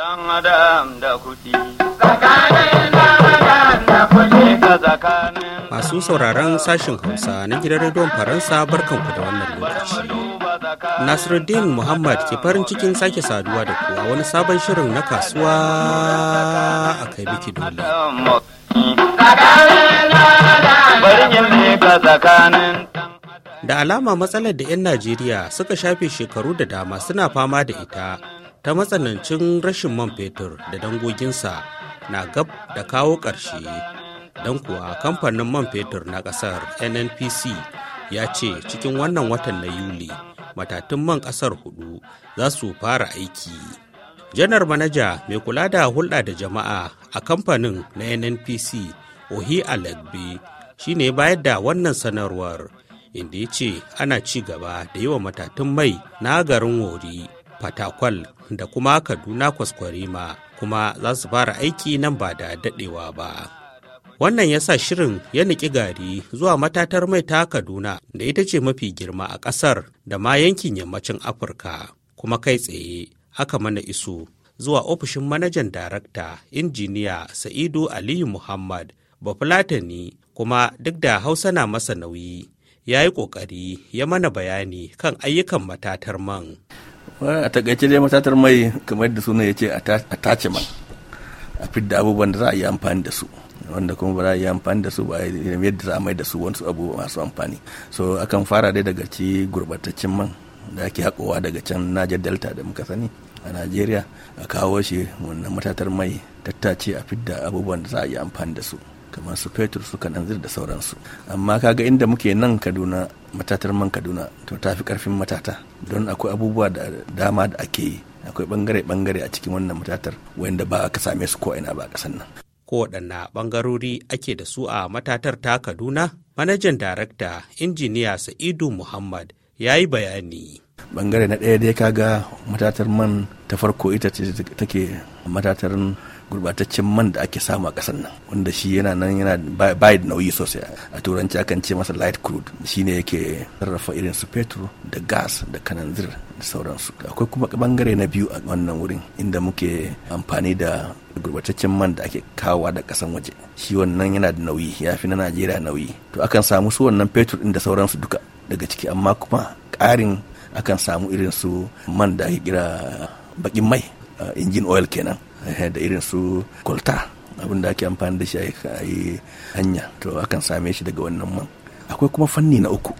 Dan adam da kuɗi. Masu sauraron sashen Hausa na gidan rediyon Faransa barkanku da wannan lokaci. Nasiruddin Muhammad ke farin cikin sake saduwa da kuwa wani sabon shirin na kasuwa a kai biki dole. Da alama matsalar da 'yan Najeriya suka shafe shekaru da dama suna fama da ita ta matsanancin rashin man fetur da dangoginsa na gab da kawo ƙarshe don kuwa kamfanin man fetur na ƙasar nnpc ya ce cikin wannan watan na yuli matatun man ƙasar hudu za su fara aiki janar manaja mai kula da hulɗa da jama'a a kamfanin na nnpc ohi alagbe shi ne bayar da wannan sanarwar inda ya ce ana ci gaba da yi wa matatun mai na garin wori fatakwal da kuma kaduna kwaskwarima kuma za su fara aiki nan ba da daɗewa ba wannan ya sa shirin ya niki gari zuwa matatar mai ta kaduna da ita ce mafi girma a ƙasar da ma yankin yammacin afirka kuma kai tsaye aka mana iso zuwa ofishin manajan darakta injiniya sa'idu aliyu muhammad bafulatani kuma duk da hausa na masa nauyi ya yi ƙoƙari ya mana bayani kan ayyukan matatar man a takaice dai matatar mai kamar yadda suna ya ce a tace man a fidda abubuwan da za a yi amfani da su wanda kuma ba za a yi amfani da su ba yadda za a mai da su wasu abubuwa masu amfani so akan fara dai daga ci gurbataccen man da ake haƙowa daga can naja delta da muka sani a najeriya a kawo shi wannan matatar mai tattace a fidda abubuwan da za a yi amfani da su kamar su fetur su kananzir da sauransu amma kaga inda muke nan kaduna matatar man kaduna to ta fi karfin matata don akwai abubuwa da dama da ake yi akwai bangare-bangare a cikin wannan matatar wanda ba ka same su ko ina ba kasan nan waɗanne ɓangarori ake da su a matatar ta kaduna manajan darakta injiniya sa'idu muhammad ya yi bayani bangare na ɗaya dai kaga matatar man ta farko ita ce take matatar gurbataccen man da ake samu a kasar nan wanda shi yana nan yana bai da nauyi sosai a turanci akan ce masa light crude shine yake sarrafa irin su fetur da gas da kananzir da sauransu akwai kuma bangare na biyu a wannan wurin inda muke amfani da gurbataccen man da ake kawowa da kasan waje shi wannan yana da nauyi ya fi na najeriya nauyi to akan samu su wannan fetur din da sauransu duka daga ciki amma kuma ƙarin akan samu irin su man da ake kira bakin mai injin oil kenan da irin su kulta abin da ake amfani da shi a yi hanya to akan same shi daga wannan man akwai kuma fanni na uku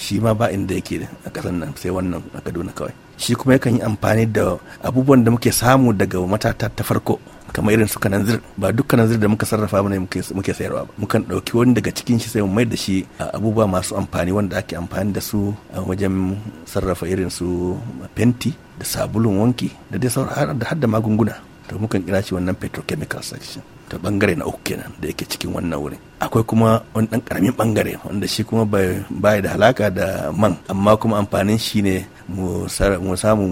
shi ma ba inda yake a ƙasar nan sai wannan a kaduna kawai shi kuma yakan yi amfani da abubuwan da muke samu daga matata ta farko kamar irin su kananzir ba duk kananzir da muka sarrafa ne muke sayarwa ba mukan ɗauki wani daga cikin shi sai mu mai da shi abubuwa masu amfani wanda ake amfani da su a wajen sarrafa irin su fenti da sabulun wanki da dai sauran da har da magunguna to mukan kira shi wannan petrochemical section ta bangare na uku kenan da yake cikin wannan wurin akwai kuma wani dan karamin bangare wanda shi kuma bai da halaka da man amma kuma amfanin shi ne mu samu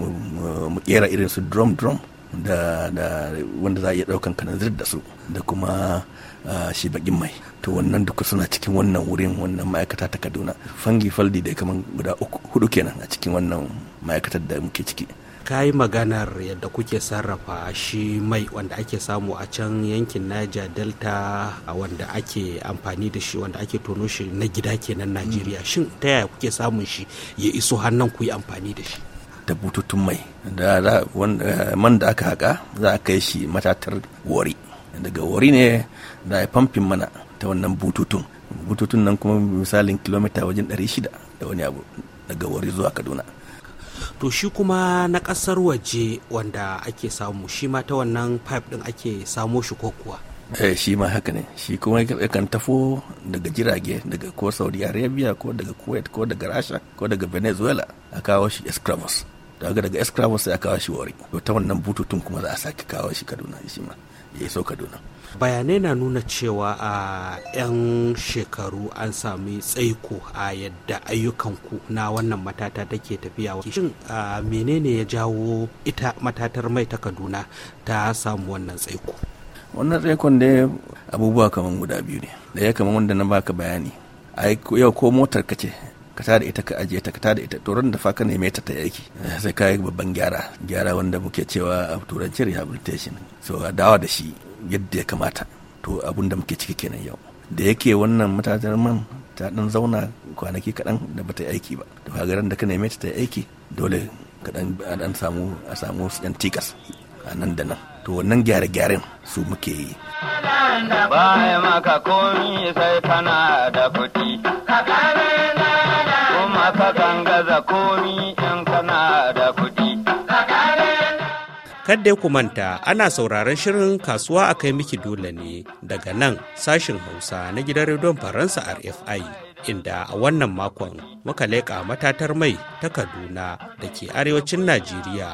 mu kera irin su drum drum da da wanda za a iya daukan kananzir da su da kuma Uh, shi bakin mai to wannan duka suna cikin wannan wurin wannan ma'aikata ta kaduna fangi faldi da kamar guda hudu kenan a cikin wannan ma'aikatar da muke ciki ka yi maganar yadda kuke sarrafa shi mai wanda ake samu a can yankin Niger Delta a wanda ake amfani da shi wanda ake tono shi na gida kenan Najeriya shin ta yaya kuke samun shi ya iso hannun ku yi amfani da shi da bututun mai da man da aka haka za a kai shi matatar wari daga wari ne da ya famfin mana ta wannan bututun bututun nan kuma misalin kilomita wajen 600 da wani abu daga wari zuwa kaduna to shi kuma na kasar waje wanda ake samu shi ma ta wannan pipe ɗin ake samo shi ko kuwa eh, shi ma haka ne shi kuma yakan tafo daga jirage daga ko saudi arabia ko daga kuwait ko daga rasha ko daga venezuela a kawo shi escravos daga daga escravos sai a kawo shi wari to ta wannan bututun kuma za a sake kawo shi kaduna shi ma ya iso kaduna bayanai na nuna cewa a 'yan shekaru an sami tsaiko a yadda ayyukanku na wannan matata take tafiya shin menene ya jawo ita matatar mai ta kaduna ta samu wannan tsaiko wannan tsaikon da abubuwa kamar guda biyu ne da ya kamar wanda na baka bayani yau ko motar kace ka tada ita ka ajiye ta ka tada ita to da fa ka neme ta ta yaki sai ka babban gyara gyara wanda muke cewa a turanci rehabilitation so a dawa da shi yadda ya kamata to abun da muke ciki kenan yau da yake wannan matatar man ta dan zauna kwanaki kaɗan da bata yi aiki ba to hagaran da ka neme ta ta yi aiki dole ka dan samu a samu yan tikas a nan da nan to wannan gyare-gyaren su muke yi. Bayan maka komi sai kana da kuɗi. Kadda ku manta ana sauraron shirin kasuwa a kai miki dole ne daga nan sashin Hausa na gidan rediyon Faransa RFI inda a wannan makon muka leƙa matatar mai ta Kaduna da ke arewacin Najeriya.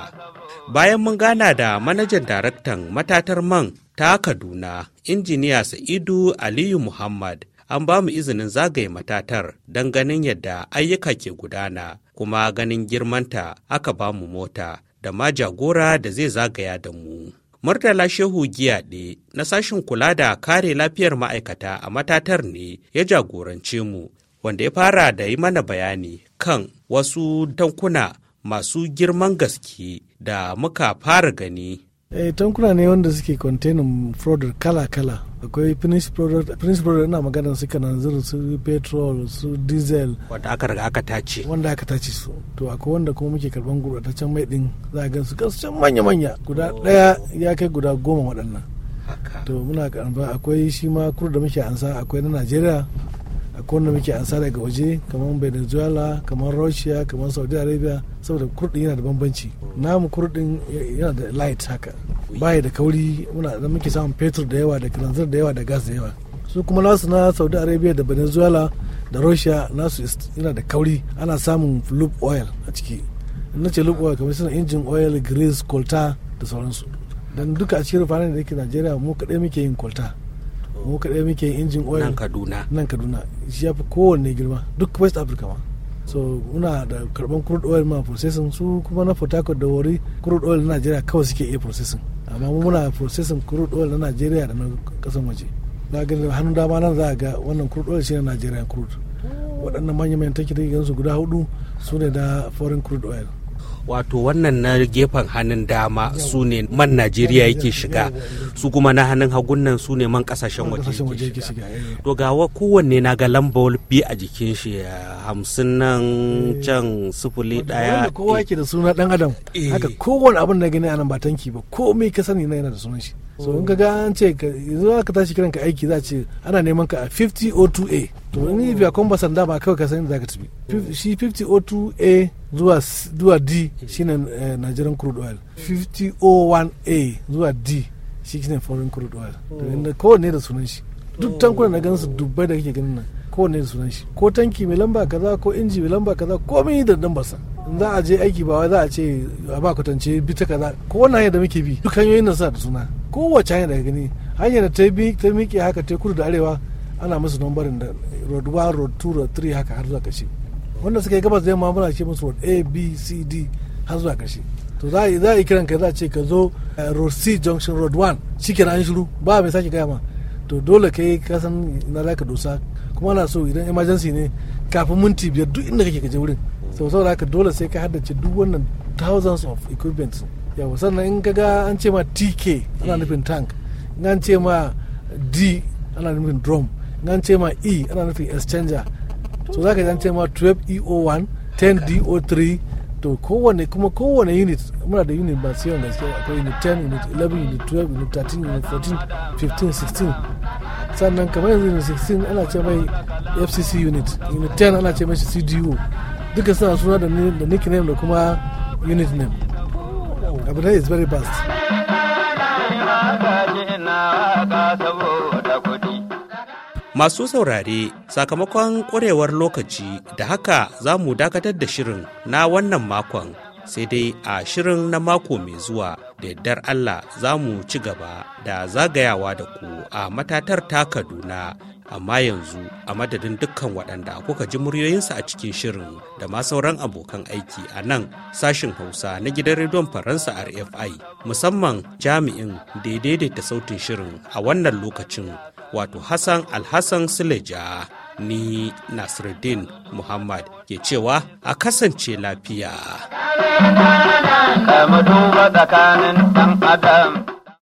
Bayan mun gana da manajan daraktan matatar man ta Kaduna, injiniya Sa'idu Aliyu Muhammad an ba mu izinin zagaye matatar don ganin yadda ayyuka ke gudana kuma ganin girmanta aka ba mu mota da ma jagora da zai zagaya da mu. Murtala Shehu Giyaɗe na sashin kula da kare lafiyar ma'aikata a matatar ne ya jagorance mu wanda ya fara da yi mana bayani kan wasu tankuna masu girman gaske da muka fara gani. Eh, tankuna ne wanda suke containing fraud kala-kala akwai finished product na magana su kana zuru su petrol su diesel wanda aka riga aka tace wanda aka tace su to akwai wanda kuma muke karban gurbataccen mai din za a gansu kan can manya manya guda daya oh. ya kai guda goma waɗannan to muna karba akwai shi ma kur da muke ansa akwai na Najeriya akwai wanda muke ansa daga waje kamar venezuela kamar russia kamar saudi arabia saboda kurdin yana da bambanci oh. namu kurdin yana da light haka baya da kauri muna da muke samun fetur da yawa da kiranzir da yawa da gas da yawa su kuma nasu na saudi arabia da venezuela da russia nasu yana da kauri ana samun loop oil a ciki na ce loop oil kamar suna injin oil grease kolta da sauransu dan duka a cikin rufanin da yake najeriya mu kaɗai muke yin kolta mu kaɗai muke yin injin oil nan kaduna nan kaduna shi ya fi kowanne girma duk west africa ma so muna da karban crude oil ma processing su kuma na port harcourt da wari crude oil na najeriya kawai suke iya processing amma mu muna processing crude oil na Najeriya da na kasan waje za ga hannun dama nan za ga wannan crude oil shine Najeriya crude oh. waɗannan manyan manyan take take guda hudu su ne da foreign crude oil wato wannan na gefen hannun dama su ne man najeriya yake shiga su kuma na hannun hagun nan su ne man kasashen waje yake shiga eh. to gawa kowanne na ga lamba bi a jikin shi eh, hamsin nan eh. can sufuli daya kowa yake da suna dan adam haka kowane abin da gani a nan ba tanki ba komai ka sani na yana da sunan shi so in ka ga an ce yanzu ka tashi kiran ka aiki za ce ana neman ka a 5002A to ni biya kwamba sanda ba kawai ka san za ka tafi shi 5002A zuwa zuwa D shine eh, Nigerian crude oil 5001A zuwa D shi shine foreign crude oil to mm. kowanne da sunan shi duk mm. tankunan na gansu dubbai da kake ganin nan ne da sunan shi ko tanki mai lamba kaza ko inji mai lamba kaza komai da lambarsa za a je aiki ba wai za a ce a ba kwatance bi ta kaza ko wannan hanyar da muke bi duk hanyoyin nan suna da suna kowace hanya daga gani hanyar da ta miƙe haka ta kudu da arewa ana musu nambarin da road 1 road 2 road 3 haka har zuwa kashe wanda suka yi gabas da yamma muna ce musu road a b c d har zuwa kashe to za a yi kiran ka za a ce ka zo eh, road c junction road 1 shi kenan an shiru ba mai sake gaya ma to dole kai ka san na za ka dosa kuma ana so idan emergency ne kafin minti biyar duk inda kake ka wurin sau saboda haka dole sai ka haddace duk wannan thousands of equipment yawa sannan in kaga an ce ma tk ana eh. nufin tank in an ce ma d ana nufin drum in an ce ma e ana nufin exchanger so za ka yi an ce ma 12 eo1 10 do3 to kowane kuma kowane unit muna da unit ba masu yawan gaske akwai unit 10 unit 11 unit 12 unit 13 unit 14 15 16 sannan kamar yanzu unit 16 ana ce mai fcc unit unit 10 ana ce mai cdo duka suna suna da nickname da kuma unit name abu ne is very best. Masu saurare sakamakon ƙwarewar lokaci da haka za mu dakatar da shirin na wannan makon sai dai a shirin na mako mai zuwa da yardar Allah za mu ci gaba da zagayawa da ku a matatar ta Kaduna amma yanzu a madadin dukkan waɗanda kuka ji muryoyinsu a cikin shirin da ma sauran abokan aiki a nan sashin hausa na gidan rediyon faransa rfi musamman jami'in da ya daidaita sautin shirin a wannan lokacin wato hassan alhassan sileja ni nasiruddin muhammad ke cewa a kasance lafiya. tsakanin adam.